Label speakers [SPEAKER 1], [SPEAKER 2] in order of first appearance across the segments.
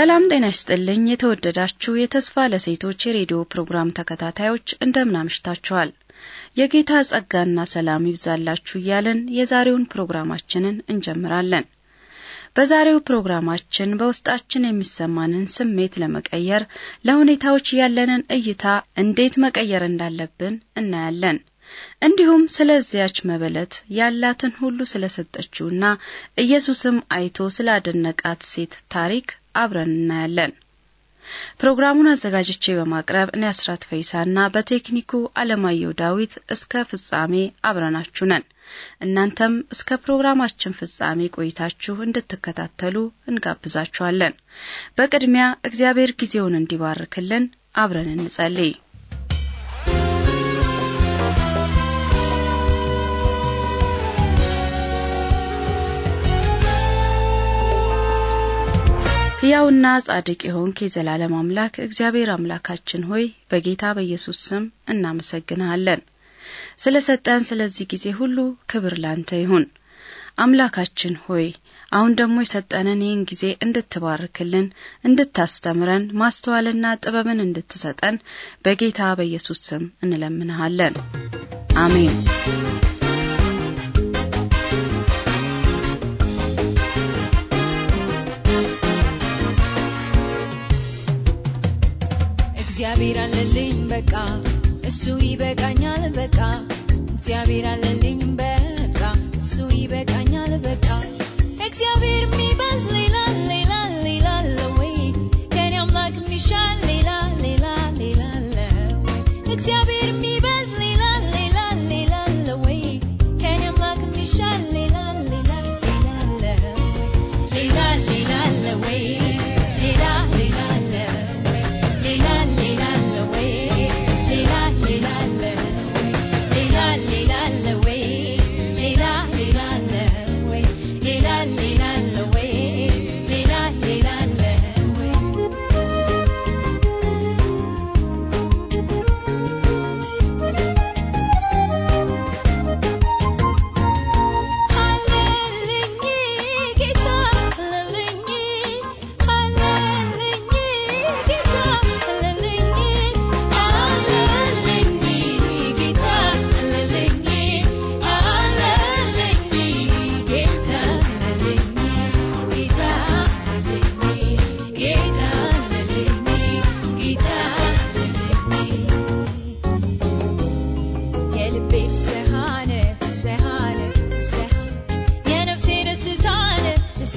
[SPEAKER 1] ሰላም ጤና ይስጥልኝ። የተወደዳችሁ የተስፋ ለሴቶች የሬዲዮ ፕሮግራም ተከታታዮች እንደምን አምሽታችኋል? የጌታ ጸጋና ሰላም ይብዛላችሁ እያለን የዛሬውን ፕሮግራማችንን እንጀምራለን። በዛሬው ፕሮግራማችን በውስጣችን የሚሰማንን ስሜት ለመቀየር ለሁኔታዎች ያለንን እይታ እንዴት መቀየር እንዳለብን እናያለን። እንዲሁም ስለዚያች መበለት ያላትን ሁሉ ስለሰጠችውና ኢየሱስም አይቶ ስላደነቃት ሴት ታሪክ አብረን እናያለን። ፕሮግራሙን አዘጋጅቼ በማቅረብ እኔ አስራት ፈይሳና በቴክኒኩ አለማየሁ ዳዊት እስከ ፍጻሜ አብረናችሁ ነን። እናንተም እስከ ፕሮግራማችን ፍጻሜ ቆይታችሁ እንድትከታተሉ እንጋብዛችኋለን። በቅድሚያ እግዚአብሔር ጊዜውን እንዲባርክልን አብረን እንጸልይ። ሕያውና ጻድቅ የሆንክ የዘላለም አምላክ እግዚአብሔር አምላካችን ሆይ በጌታ በኢየሱስ ስም እናመሰግንሃለን። ስለ ሰጠን ስለዚህ ጊዜ ሁሉ ክብር ላንተ ይሁን። አምላካችን ሆይ አሁን ደግሞ የሰጠንን ይህን ጊዜ እንድትባርክልን፣ እንድታስተምረን፣ ማስተዋልና ጥበብን እንድትሰጠን በጌታ በኢየሱስ ስም እንለምንሃለን። አሜን።
[SPEAKER 2] እግዚአብሔር አለልኝ በቃ እሱ ይበቃኛል በቃ እግዚአብሔር አለልኝ በቃ እሱ ይበቃኛል በቃ እግዚአብሔር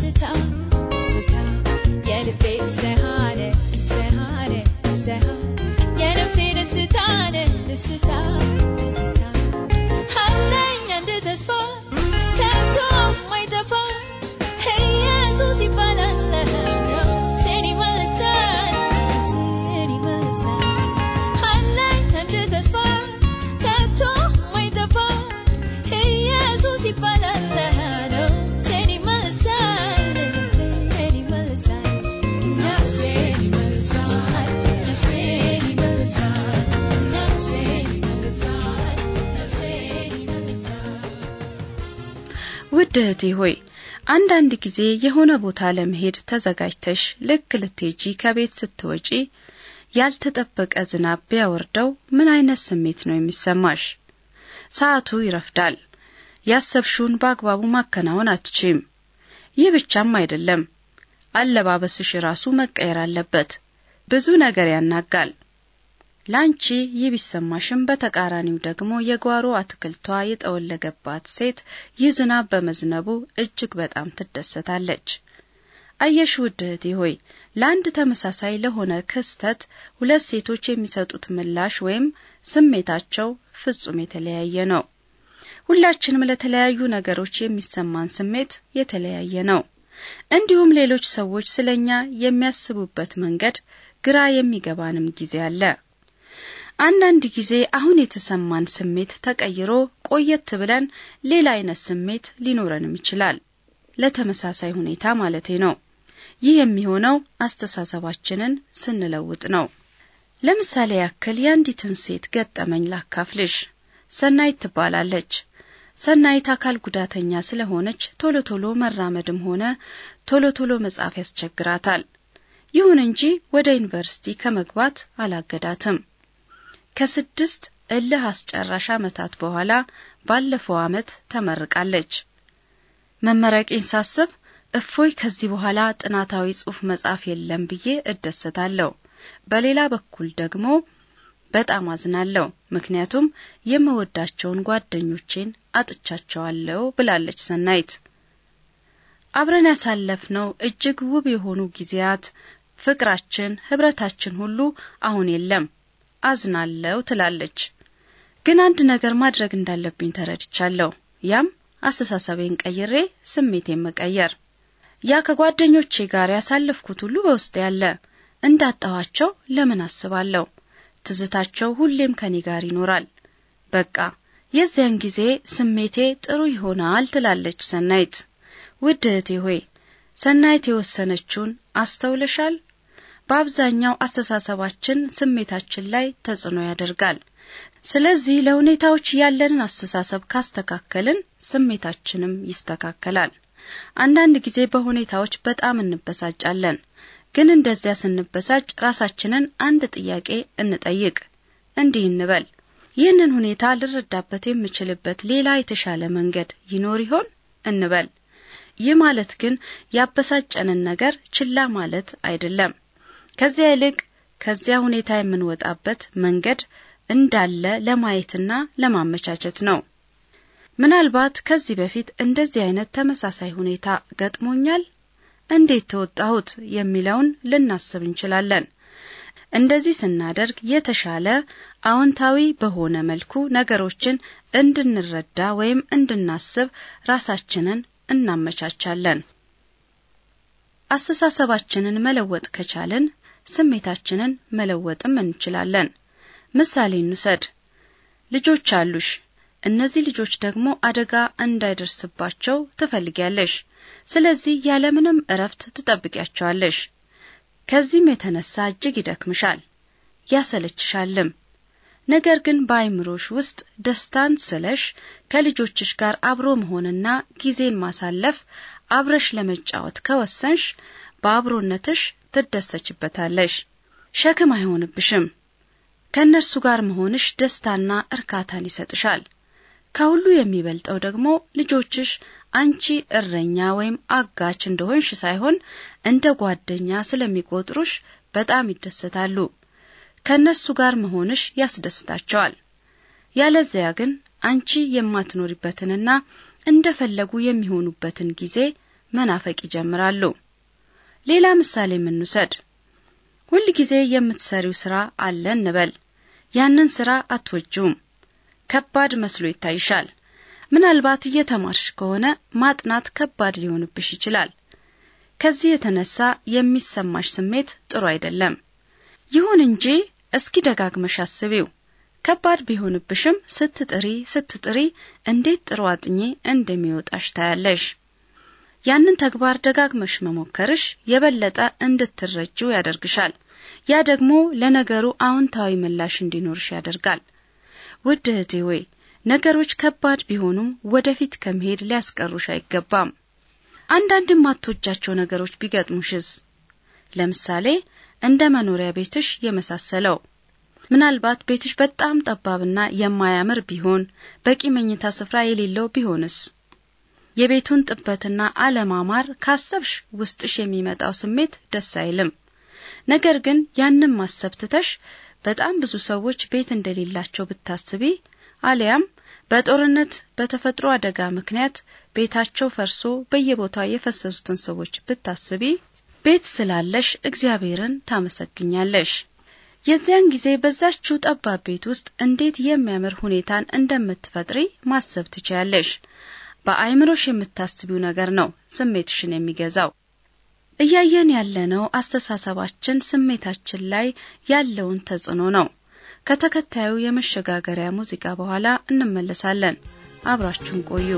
[SPEAKER 2] sit down.
[SPEAKER 1] ውድ እህቴ ሆይ አንዳንድ ጊዜ የሆነ ቦታ ለመሄድ ተዘጋጅተሽ ልክ ልትሄጂ ከቤት ስትወጪ ያልተጠበቀ ዝናብ ቢያወርደው ምን አይነት ስሜት ነው የሚሰማሽ? ሰዓቱ ይረፍዳል። ያሰብሽውን በአግባቡ ማከናወን አትችም። ይህ ብቻም አይደለም፣ አለባበስሽ ራሱ መቀየር አለበት። ብዙ ነገር ያናጋል። ላንቺ ይህ ቢሰማሽም በተቃራኒው ደግሞ የጓሮ አትክልቷ የጠወለገባት ሴት ይህ ዝናብ በመዝነቡ እጅግ በጣም ትደሰታለች። አየሽ ውድ እህቴ ሆይ ለአንድ ተመሳሳይ ለሆነ ክስተት ሁለት ሴቶች የሚሰጡት ምላሽ ወይም ስሜታቸው ፍጹም የተለያየ ነው። ሁላችንም ለተለያዩ ነገሮች የሚሰማን ስሜት የተለያየ ነው። እንዲሁም ሌሎች ሰዎች ስለኛ የሚያስቡበት መንገድ ግራ የሚገባንም ጊዜ አለ። አንዳንድ ጊዜ አሁን የተሰማን ስሜት ተቀይሮ ቆየት ብለን ሌላ አይነት ስሜት ሊኖረንም ይችላል። ለተመሳሳይ ሁኔታ ማለቴ ነው። ይህ የሚሆነው አስተሳሰባችንን ስንለውጥ ነው። ለምሳሌ ያክል የአንዲትን ሴት ገጠመኝ ላካፍልሽ። ሰናይት ትባላለች። ሰናይት አካል ጉዳተኛ ስለሆነች ቶሎ ቶሎ መራመድም ሆነ ቶሎ ቶሎ መጻፍ ያስቸግራታል። ይሁን እንጂ ወደ ዩኒቨርሲቲ ከመግባት አላገዳትም። ከስድስት እልህ አስጨራሽ ዓመታት በኋላ ባለፈው ዓመት ተመርቃለች። መመረቄን ሳስብ እፎይ ከዚህ በኋላ ጥናታዊ ጽሑፍ መጻፍ የለም ብዬ እደሰታለሁ። በሌላ በኩል ደግሞ በጣም አዝናለሁ፣ ምክንያቱም የምወዳቸውን ጓደኞቼን አጥቻቸዋለሁ ብላለች ሰናይት። አብረን ያሳለፍነው እጅግ ውብ የሆኑ ጊዜያት፣ ፍቅራችን፣ ህብረታችን ሁሉ አሁን የለም። አዝናለው ትላለች። ግን አንድ ነገር ማድረግ እንዳለብኝ ተረድቻለሁ። ያም አስተሳሰቤን ቀይሬ ስሜቴን መቀየር። ያ ከጓደኞቼ ጋር ያሳለፍኩት ሁሉ በውስጥ ያለ እንዳጣኋቸው ለምን አስባለሁ? ትዝታቸው ሁሌም ከኔ ጋር ይኖራል። በቃ የዚያን ጊዜ ስሜቴ ጥሩ ይሆናል ትላለች ሰናይት። ውድ እህቴ ሆይ ሰናይት የወሰነችውን አስተውለሻል? በአብዛኛው አስተሳሰባችን፣ ስሜታችን ላይ ተጽዕኖ ያደርጋል። ስለዚህ ለሁኔታዎች ያለንን አስተሳሰብ ካስተካከልን ስሜታችንም ይስተካከላል። አንዳንድ ጊዜ በሁኔታዎች በጣም እንበሳጫለን። ግን እንደዚያ ስንበሳጭ ራሳችንን አንድ ጥያቄ እንጠይቅ። እንዲህ እንበል፣ ይህንን ሁኔታ ልረዳበት የምችልበት ሌላ የተሻለ መንገድ ይኖር ይሆን እንበል። ይህ ማለት ግን ያበሳጨንን ነገር ችላ ማለት አይደለም። ከዚያ ይልቅ ከዚያ ሁኔታ የምንወጣበት መንገድ እንዳለ ለማየትና ለማመቻቸት ነው። ምናልባት ከዚህ በፊት እንደዚህ አይነት ተመሳሳይ ሁኔታ ገጥሞኛል፣ እንዴት ተወጣሁት የሚለውን ልናስብ እንችላለን። እንደዚህ ስናደርግ የተሻለ አዎንታዊ በሆነ መልኩ ነገሮችን እንድንረዳ ወይም እንድናስብ ራሳችንን እናመቻቻለን። አስተሳሰባችንን መለወጥ ከቻልን ስሜታችንን መለወጥም እንችላለን። ምሳሌ እንውሰድ። ልጆች አሉሽ። እነዚህ ልጆች ደግሞ አደጋ እንዳይደርስባቸው ትፈልጊያለሽ። ስለዚህ ያለምንም እረፍት ትጠብቂያቸዋለሽ። ከዚህም የተነሳ እጅግ ይደክምሻል፣ ያሰለችሻልም። ነገር ግን በአይምሮሽ ውስጥ ደስታን ስለሽ ከልጆችሽ ጋር አብሮ መሆንና ጊዜን ማሳለፍ አብረሽ ለመጫወት ከወሰንሽ በአብሮነትሽ ትደሰችበታለሽ፣ ሸክም አይሆንብሽም። ከእነርሱ ጋር መሆንሽ ደስታና እርካታን ይሰጥሻል። ከሁሉ የሚበልጠው ደግሞ ልጆችሽ አንቺ እረኛ ወይም አጋች እንደሆንሽ ሳይሆን እንደ ጓደኛ ስለሚቆጥሩሽ በጣም ይደሰታሉ። ከእነርሱ ጋር መሆንሽ ያስደስታቸዋል። ያለዚያ ግን አንቺ የማትኖሪበትንና እንደፈለጉ የሚሆኑበትን ጊዜ መናፈቅ ይጀምራሉ። ሌላ ምሳሌ የምንውሰድ ሁል ጊዜ የምትሰሪው ስራ አለ እንበል። ያንን ስራ አትወጂውም፣ ከባድ መስሎ ይታይሻል። ምናልባት እየተማርሽ ከሆነ ማጥናት ከባድ ሊሆንብሽ ይችላል። ከዚህ የተነሳ የሚሰማሽ ስሜት ጥሩ አይደለም። ይሁን እንጂ እስኪ ደጋግመሽ አስቢው። ከባድ ቢሆንብሽም ስትጥሪ ስትጥሪ እንዴት ጥሩ አጥኚ እንደሚወጣሽ ታያለሽ። ያንን ተግባር ደጋግመሽ መሞከርሽ የበለጠ እንድትረጅው ያደርግሻል። ያ ደግሞ ለነገሩ አዎንታዊ ምላሽ እንዲኖርሽ ያደርጋል። ውድ እህቴ ነገሮች ከባድ ቢሆኑም ወደፊት ከመሄድ ሊያስቀሩሽ አይገባም። አንዳንድ የማትወጃቸው ነገሮች ቢገጥሙሽስ? ለምሳሌ እንደ መኖሪያ ቤትሽ የመሳሰለው። ምናልባት ቤትሽ በጣም ጠባብና የማያምር ቢሆን፣ በቂ መኝታ ስፍራ የሌለው ቢሆንስ? የቤቱን ጥበትና አለማማር ካሰብሽ ውስጥሽ የሚመጣው ስሜት ደስ አይልም። ነገር ግን ያንም ማሰብ ትተሽ በጣም ብዙ ሰዎች ቤት እንደሌላቸው ብታስቢ አሊያም በጦርነት በተፈጥሮ አደጋ ምክንያት ቤታቸው ፈርሶ በየቦታው የፈሰሱትን ሰዎች ብታስቢ ቤት ስላለሽ እግዚአብሔርን ታመሰግኛለሽ። የዚያን ጊዜ በዛችው ጠባብ ቤት ውስጥ እንዴት የሚያምር ሁኔታን እንደምትፈጥሪ ማሰብ ትችያለሽ። በአእምሮሽ የምታስቢው ነገር ነው ስሜትሽን የሚገዛው። እያየን ያለነው አስተሳሰባችን ስሜታችን ላይ ያለውን ተጽዕኖ ነው። ከተከታዩ የመሸጋገሪያ ሙዚቃ በኋላ እንመለሳለን። አብራችሁን ቆዩ።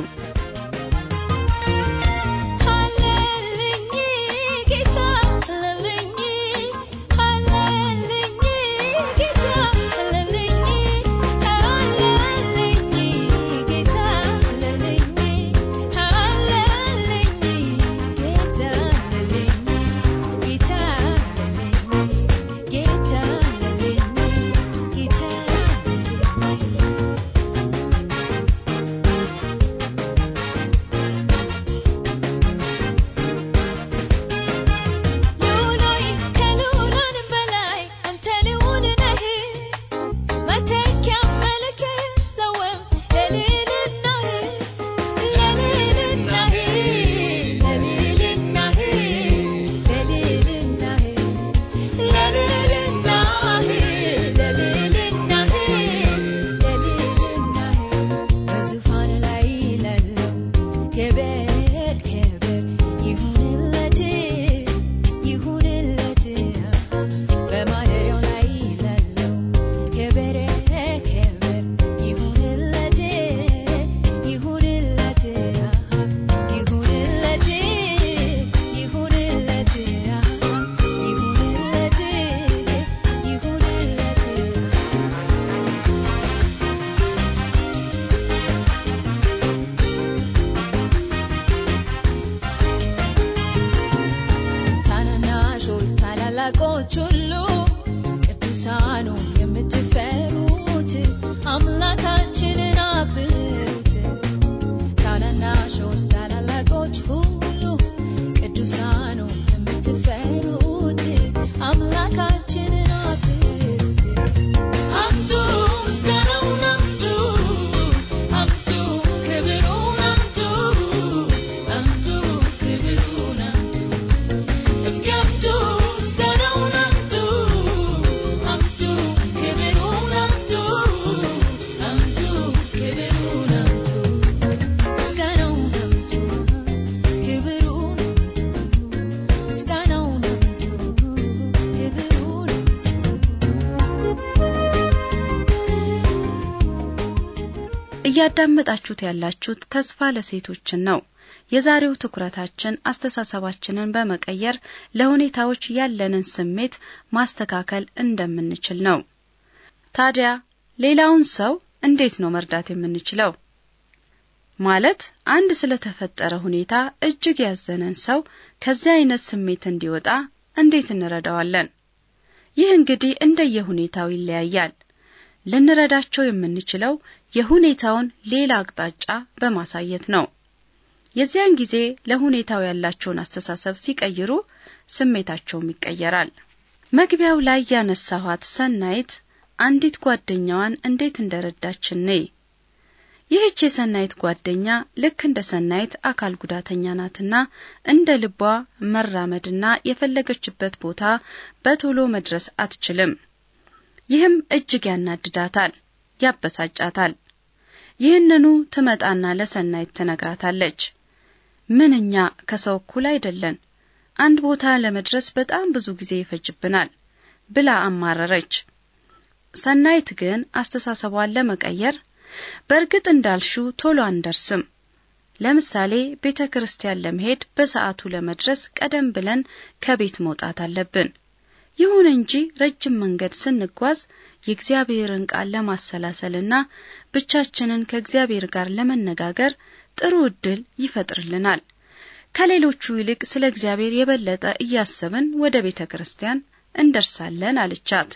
[SPEAKER 2] የምትፈሩት አምላካችን
[SPEAKER 1] እያዳመጣችሁት ያላችሁት ተስፋ ለሴቶችን ነው። የዛሬው ትኩረታችን አስተሳሰባችንን በመቀየር ለሁኔታዎች ያለንን ስሜት ማስተካከል እንደምንችል ነው። ታዲያ ሌላውን ሰው እንዴት ነው መርዳት የምንችለው? ማለት አንድ ስለተፈጠረ ሁኔታ እጅግ ያዘነን ሰው ከዚህ አይነት ስሜት እንዲወጣ እንዴት እንረዳዋለን? ይህ እንግዲህ እንደየሁኔታው ይለያያል። ልንረዳቸው የምንችለው የሁኔታውን ሌላ አቅጣጫ በማሳየት ነው። የዚያን ጊዜ ለሁኔታው ያላቸውን አስተሳሰብ ሲቀይሩ ስሜታቸውም ይቀየራል። መግቢያው ላይ ያነሳኋት ሰናይት አንዲት ጓደኛዋን እንዴት እንደረዳችን ነይ። ይህች የሰናይት ጓደኛ ልክ እንደ ሰናይት አካል ጉዳተኛ ናትና እንደ ልቧ መራመድና የፈለገችበት ቦታ በቶሎ መድረስ አትችልም። ይህም እጅግ ያናድዳታል፣ ያበሳጫታል። ይህንኑ ትመጣና ለሰናይት ትነግራታለች። ምንኛ ከሰው እኩል አይደለን፣ አንድ ቦታ ለመድረስ በጣም ብዙ ጊዜ ይፈጅብናል ብላ አማረረች። ሰናይት ግን አስተሳሰቧን ለመቀየር በእርግጥ እንዳልሹ ቶሎ አንደርስም። ለምሳሌ ቤተ ክርስቲያን ለመሄድ በሰዓቱ ለመድረስ ቀደም ብለን ከቤት መውጣት አለብን። ይሁን እንጂ ረጅም መንገድ ስንጓዝ የእግዚአብሔርን ቃል ለማሰላሰልና ብቻችንን ከእግዚአብሔር ጋር ለመነጋገር ጥሩ እድል ይፈጥርልናል። ከሌሎቹ ይልቅ ስለ እግዚአብሔር የበለጠ እያሰብን ወደ ቤተ ክርስቲያን እንደርሳለን አለቻት።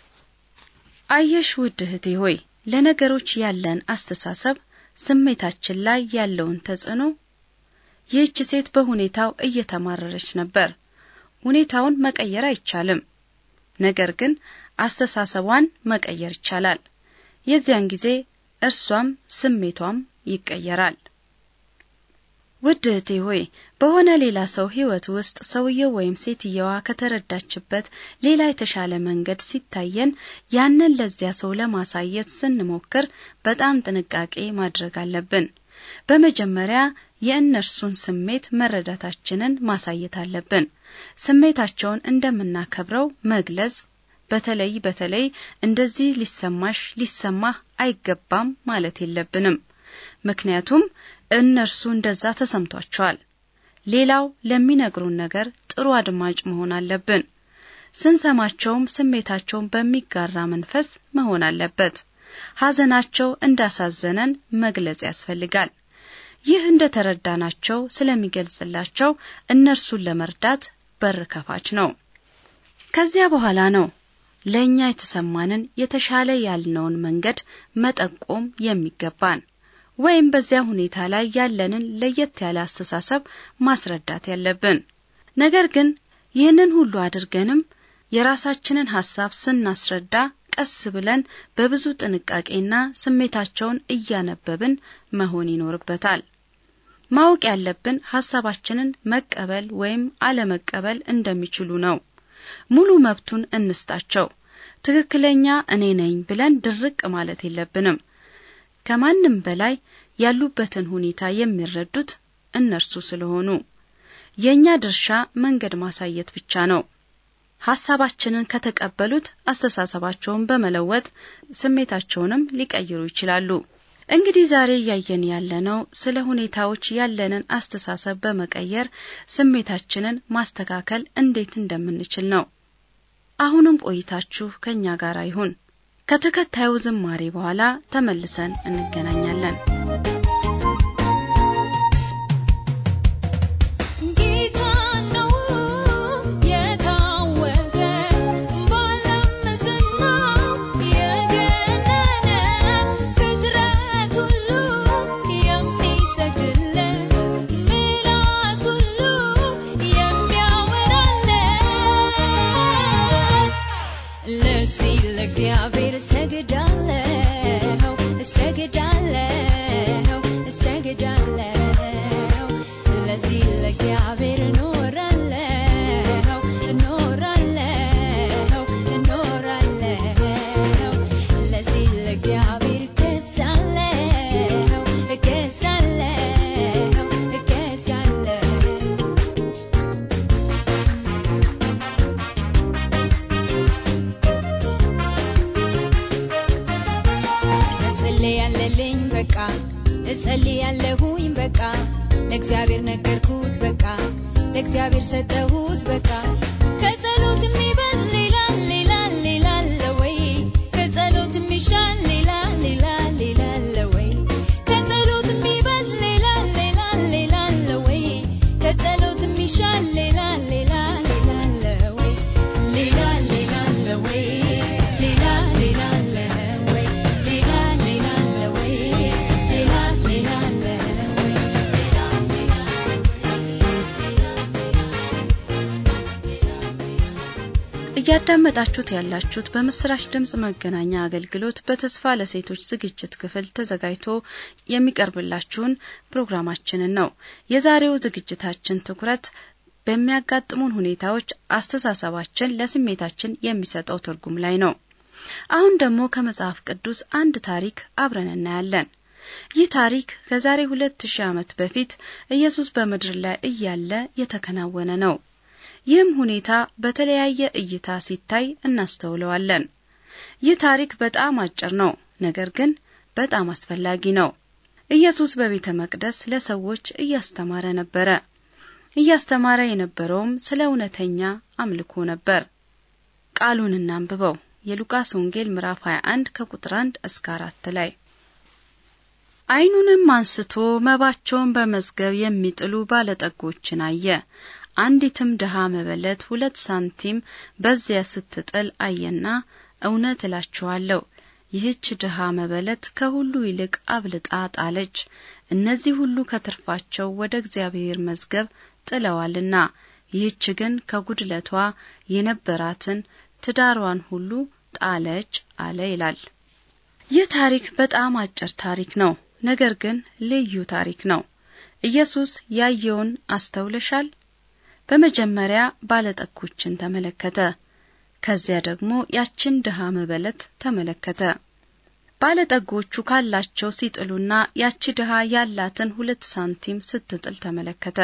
[SPEAKER 1] አየሽ ውድ እህቴ ሆይ ለነገሮች ያለን አስተሳሰብ ስሜታችን ላይ ያለውን ተጽዕኖ ይህች ሴት በሁኔታው እየተማረረች ነበር። ሁኔታውን መቀየር አይቻልም። ነገር ግን አስተሳሰቧን መቀየር ይቻላል። የዚያን ጊዜ እርሷም ስሜቷም ይቀየራል። ውድ እህቴ ሆይ በሆነ ሌላ ሰው ሕይወት ውስጥ ሰውየው ወይም ሴትየዋ ከተረዳችበት ሌላ የተሻለ መንገድ ሲታየን ያንን ለዚያ ሰው ለማሳየት ስንሞክር በጣም ጥንቃቄ ማድረግ አለብን። በመጀመሪያ የእነርሱን ስሜት መረዳታችንን ማሳየት አለብን። ስሜታቸውን እንደምናከብረው መግለጽ በተለይ በተለይ እንደዚህ ሊሰማሽ ሊሰማህ አይገባም ማለት የለብንም። ምክንያቱም እነርሱ እንደዛ ተሰምቷቸዋል። ሌላው ለሚነግሩን ነገር ጥሩ አድማጭ መሆን አለብን። ስንሰማቸውም ስሜታቸውን በሚጋራ መንፈስ መሆን አለበት። ሐዘናቸው እንዳሳዘነን መግለጽ ያስፈልጋል። ይህ ተረዳናቸው ስለሚገልጽላቸው እነርሱን ለመርዳት በር ከፋች ነው። ከዚያ በኋላ ነው ለእኛ የተሰማንን የተሻለ ያልነውን መንገድ መጠቆም የሚገባን ወይም በዚያ ሁኔታ ላይ ያለንን ለየት ያለ አስተሳሰብ ማስረዳት ያለብን። ነገር ግን ይህንን ሁሉ አድርገንም የራሳችንን ሀሳብ ስናስረዳ ቀስ ብለን በብዙ ጥንቃቄና ስሜታቸውን እያነበብን መሆን ይኖርበታል። ማወቅ ያለብን ሀሳባችንን መቀበል ወይም አለመቀበል እንደሚችሉ ነው። ሙሉ መብቱን እንስጣቸው። ትክክለኛ እኔ ነኝ ብለን ድርቅ ማለት የለብንም። ከማንም በላይ ያሉበትን ሁኔታ የሚረዱት እነርሱ ስለሆኑ የእኛ ድርሻ መንገድ ማሳየት ብቻ ነው። ሀሳባችንን ከተቀበሉት አስተሳሰባቸውን በመለወጥ ስሜታቸውንም ሊቀይሩ ይችላሉ። እንግዲህ ዛሬ እያየን ያለነው ስለ ሁኔታዎች ያለንን አስተሳሰብ በመቀየር ስሜታችንን ማስተካከል እንዴት እንደምንችል ነው። አሁንም ቆይታችሁ ከእኛ ጋር ይሁን። ከተከታዩ ዝማሬ በኋላ ተመልሰን እንገናኛለን። እያደመጣችሁት ያላችሁት በምስራች ድምጽ መገናኛ አገልግሎት በተስፋ ለሴቶች ዝግጅት ክፍል ተዘጋጅቶ የሚቀርብላችሁን ፕሮግራማችንን ነው። የዛሬው ዝግጅታችን ትኩረት በሚያጋጥሙን ሁኔታዎች አስተሳሰባችን ለስሜታችን የሚሰጠው ትርጉም ላይ ነው። አሁን ደግሞ ከመጽሐፍ ቅዱስ አንድ ታሪክ አብረን እናያለን። ይህ ታሪክ ከዛሬ ሁለት ሺህ ዓመት በፊት ኢየሱስ በምድር ላይ እያለ የተከናወነ ነው። ይህም ሁኔታ በተለያየ እይታ ሲታይ እናስተውለዋለን። ይህ ታሪክ በጣም አጭር ነው፣ ነገር ግን በጣም አስፈላጊ ነው። ኢየሱስ በቤተ መቅደስ ለሰዎች እያስተማረ ነበረ። እያስተማረ የነበረውም ስለ እውነተኛ አምልኮ ነበር። ቃሉን እናንብበው። የሉቃስ ወንጌል ምዕራፍ 21 ከቁጥር 1 እስከ 4 ላይ አይኑንም አንስቶ መባቸውን በመዝገብ የሚጥሉ ባለጠጎችን አየ። አንዲትም ድሃ መበለት ሁለት ሳንቲም በዚያ ስትጥል አየና፣ እውነት እላችኋለሁ ይህች ድሃ መበለት ከሁሉ ይልቅ አብልጣ ጣለች፣ እነዚህ ሁሉ ከትርፋቸው ወደ እግዚአብሔር መዝገብ ጥለዋልና፣ ይህች ግን ከጉድለቷ የነበራትን ትዳሯን ሁሉ ጣለች አለ ይላል። ይህ ታሪክ በጣም አጭር ታሪክ ነው፣ ነገር ግን ልዩ ታሪክ ነው። ኢየሱስ ያየውን አስተውለሻል? በመጀመሪያ ባለጠጎችን ተመለከተ። ከዚያ ደግሞ ያችን ድሃ መበለት ተመለከተ። ባለጠጎቹ ካላቸው ሲጥሉና ያቺ ድሃ ያላትን ሁለት ሳንቲም ስትጥል ተመለከተ።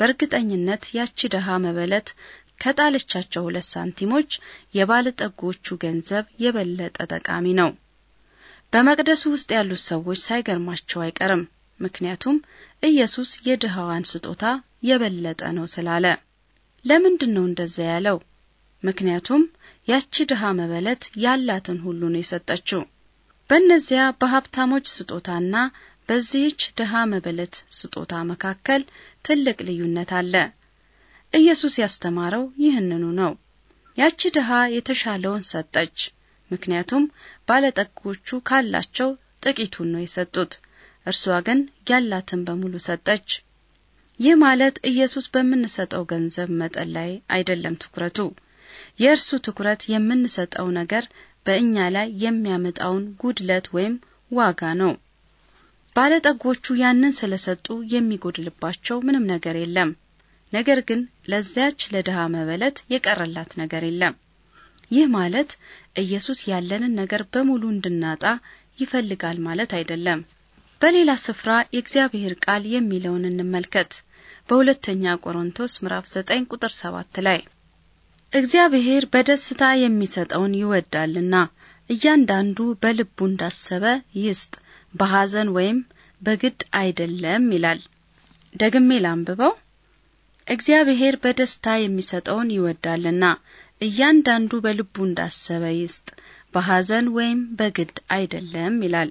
[SPEAKER 1] በእርግጠኝነት ያቺ ድሃ መበለት ከጣለቻቸው ሁለት ሳንቲሞች የባለጠጎቹ ገንዘብ የበለጠ ጠቃሚ ነው። በመቅደሱ ውስጥ ያሉት ሰዎች ሳይገርማቸው አይቀርም። ምክንያቱም ኢየሱስ የድሃዋን ስጦታ የበለጠ ነው ስላለ። ለምንድን ነው እንደዚያ ያለው? ምክንያቱም ያቺ ድሃ መበለት ያላትን ሁሉ ነው የሰጠችው። በእነዚያ በሀብታሞች ስጦታና በዚህች ድሃ መበለት ስጦታ መካከል ትልቅ ልዩነት አለ። ኢየሱስ ያስተማረው ይህንኑ ነው። ያቺ ድሃ የተሻለውን ሰጠች፣ ምክንያቱም ባለጠጎቹ ካላቸው ጥቂቱን ነው የሰጡት። እርሷ ግን ያላትን በሙሉ ሰጠች። ይህ ማለት ኢየሱስ በምንሰጠው ገንዘብ መጠን ላይ አይደለም ትኩረቱ። የእርሱ ትኩረት የምንሰጠው ነገር በእኛ ላይ የሚያመጣውን ጉድለት ወይም ዋጋ ነው። ባለጠጎቹ ያንን ስለሰጡ የሚጎድልባቸው ምንም ነገር የለም። ነገር ግን ለዚያች ለድሃ መበለት የቀረላት ነገር የለም። ይህ ማለት ኢየሱስ ያለንን ነገር በሙሉ እንድናጣ ይፈልጋል ማለት አይደለም። በሌላ ስፍራ የእግዚአብሔር ቃል የሚለውን እንመልከት። በሁለተኛ ቆሮንቶስ ምዕራፍ 9 ቁጥር 7 ላይ እግዚአብሔር በደስታ የሚሰጠውን ይወዳልና እያንዳንዱ በልቡ እንዳሰበ ይስጥ፣ በሐዘን ወይም በግድ አይደለም ይላል። ደግሜ ላንብበው። እግዚአብሔር በደስታ የሚሰጠውን ይወዳልና እያንዳንዱ በልቡ እንዳሰበ ይስጥ፣ በሐዘን ወይም በግድ አይደለም ይላል።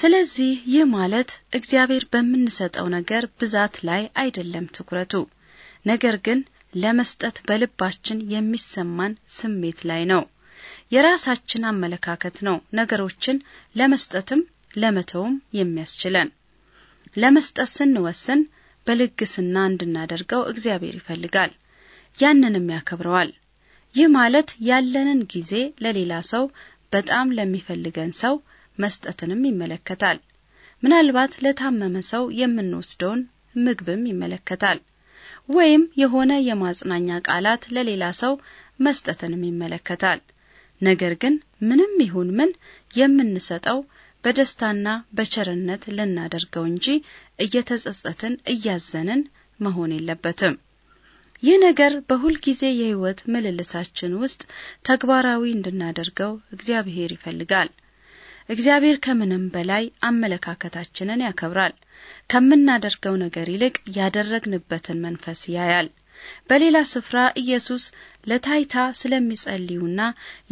[SPEAKER 1] ስለዚህ ይህ ማለት እግዚአብሔር በምንሰጠው ነገር ብዛት ላይ አይደለም ትኩረቱ፣ ነገር ግን ለመስጠት በልባችን የሚሰማን ስሜት ላይ ነው። የራሳችን አመለካከት ነው ነገሮችን ለመስጠትም ለመተውም የሚያስችለን። ለመስጠት ስንወስን በልግስና እንድናደርገው እግዚአብሔር ይፈልጋል፣ ያንንም ያከብረዋል። ይህ ማለት ያለንን ጊዜ ለሌላ ሰው፣ በጣም ለሚፈልገን ሰው መስጠትንም ይመለከታል። ምናልባት ለታመመ ሰው የምንወስደውን ምግብም ይመለከታል። ወይም የሆነ የማጽናኛ ቃላት ለሌላ ሰው መስጠትንም ይመለከታል። ነገር ግን ምንም ይሁን ምን የምንሰጠው በደስታና በቸርነት ልናደርገው እንጂ እየተጸጸትን እያዘንን መሆን የለበትም። ይህ ነገር በሁልጊዜ የሕይወት ምልልሳችን ውስጥ ተግባራዊ እንድናደርገው እግዚአብሔር ይፈልጋል። እግዚአብሔር ከምንም በላይ አመለካከታችንን ያከብራል። ከምናደርገው ነገር ይልቅ ያደረግንበትን መንፈስ ያያል። በሌላ ስፍራ ኢየሱስ ለታይታ ስለሚጸልዩና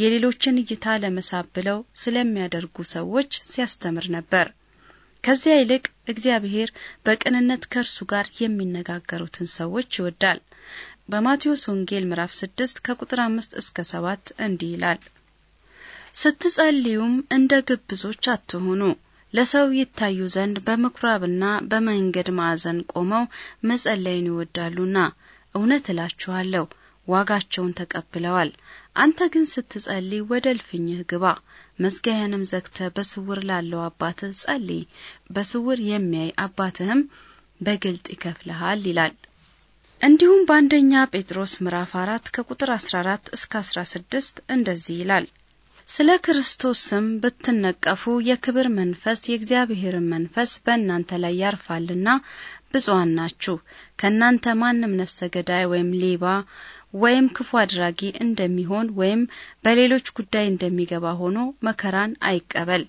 [SPEAKER 1] የሌሎችን እይታ ለመሳብ ብለው ስለሚያደርጉ ሰዎች ሲያስተምር ነበር። ከዚያ ይልቅ እግዚአብሔር በቅንነት ከእርሱ ጋር የሚነጋገሩትን ሰዎች ይወዳል። በማቴዎስ ወንጌል ምዕራፍ ስድስት ከቁጥር አምስት እስከ ሰባት እንዲህ ይላል። ስትጸልዩም እንደ ግብዞች አትሆኑ ለሰው ይታዩ ዘንድ በምኩራብና በመንገድ ማዕዘን ቆመው መጸለይን ይወዳሉና፣ እውነት እላችኋለሁ ዋጋቸውን ተቀብለዋል። አንተ ግን ስትጸልይ ወደ እልፍኝህ ግባ፣ መዝጊያህንም ዘግተ በስውር ላለው አባትህ ጸልይ። በስውር የሚያይ አባትህም በግልጥ ይከፍልሃል ይላል። እንዲሁም በአንደኛ ጴጥሮስ ምዕራፍ አራት ከቁጥር አስራ አራት እስከ አስራ ስድስት እንደዚህ ይላል ስለ ክርስቶስ ስም ብትነቀፉ የክብር መንፈስ የእግዚአብሔርን መንፈስ በእናንተ ላይ ያርፋልና ብፁዓን ናችሁ። ከእናንተ ማንም ነፍሰ ገዳይ ወይም ሌባ ወይም ክፉ አድራጊ እንደሚሆን ወይም በሌሎች ጉዳይ እንደሚገባ ሆኖ መከራን አይቀበል።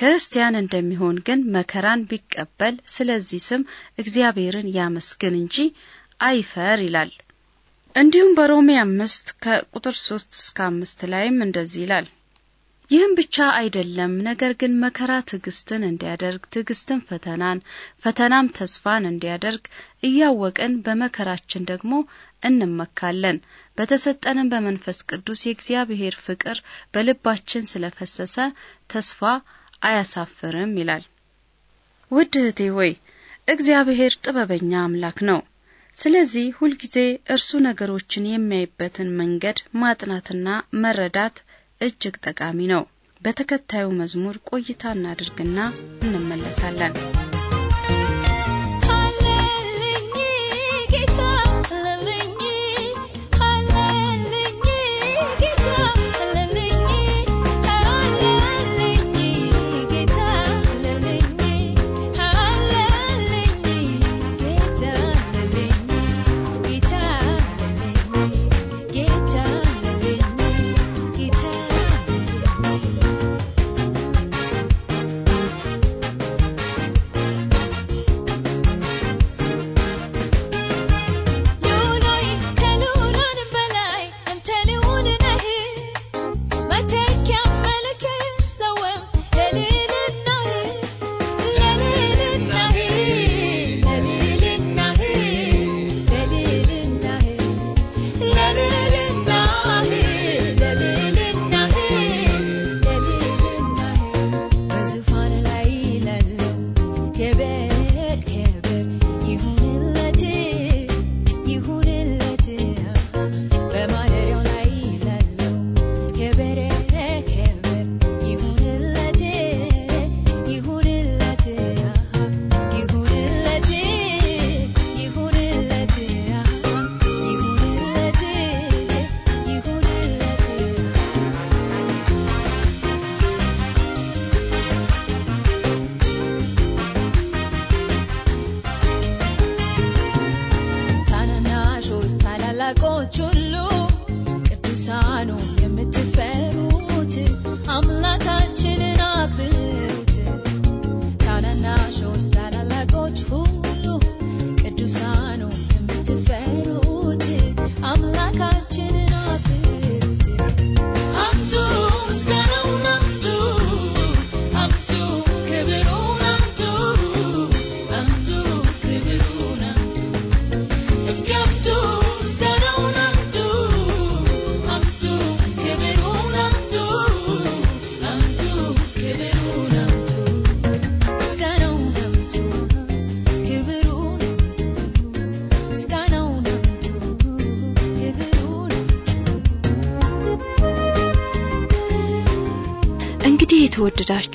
[SPEAKER 1] ክርስቲያን እንደሚሆን ግን መከራን ቢቀበል ስለዚህ ስም እግዚአብሔርን ያመስግን እንጂ አይፈር ይላል። እንዲሁም በሮሜ አምስት ከቁጥር ሶስት እስከ አምስት ላይም እንደዚህ ይላል ይህም ብቻ አይደለም፣ ነገር ግን መከራ ትዕግስትን እንዲያደርግ፣ ትዕግስትን ፈተናን፣ ፈተናም ተስፋን እንዲያደርግ እያወቅን በመከራችን ደግሞ እንመካለን። በተሰጠንም በመንፈስ ቅዱስ የእግዚአብሔር ፍቅር በልባችን ስለፈሰሰ ተስፋ አያሳፍርም ይላል። ውድ እህቴ ሆይ እግዚአብሔር ጥበበኛ አምላክ ነው። ስለዚህ ሁልጊዜ እርሱ ነገሮችን የሚያይበትን መንገድ ማጥናትና መረዳት እጅግ ጠቃሚ ነው። በተከታዩ መዝሙር ቆይታ እናድርግና እንመለሳለን።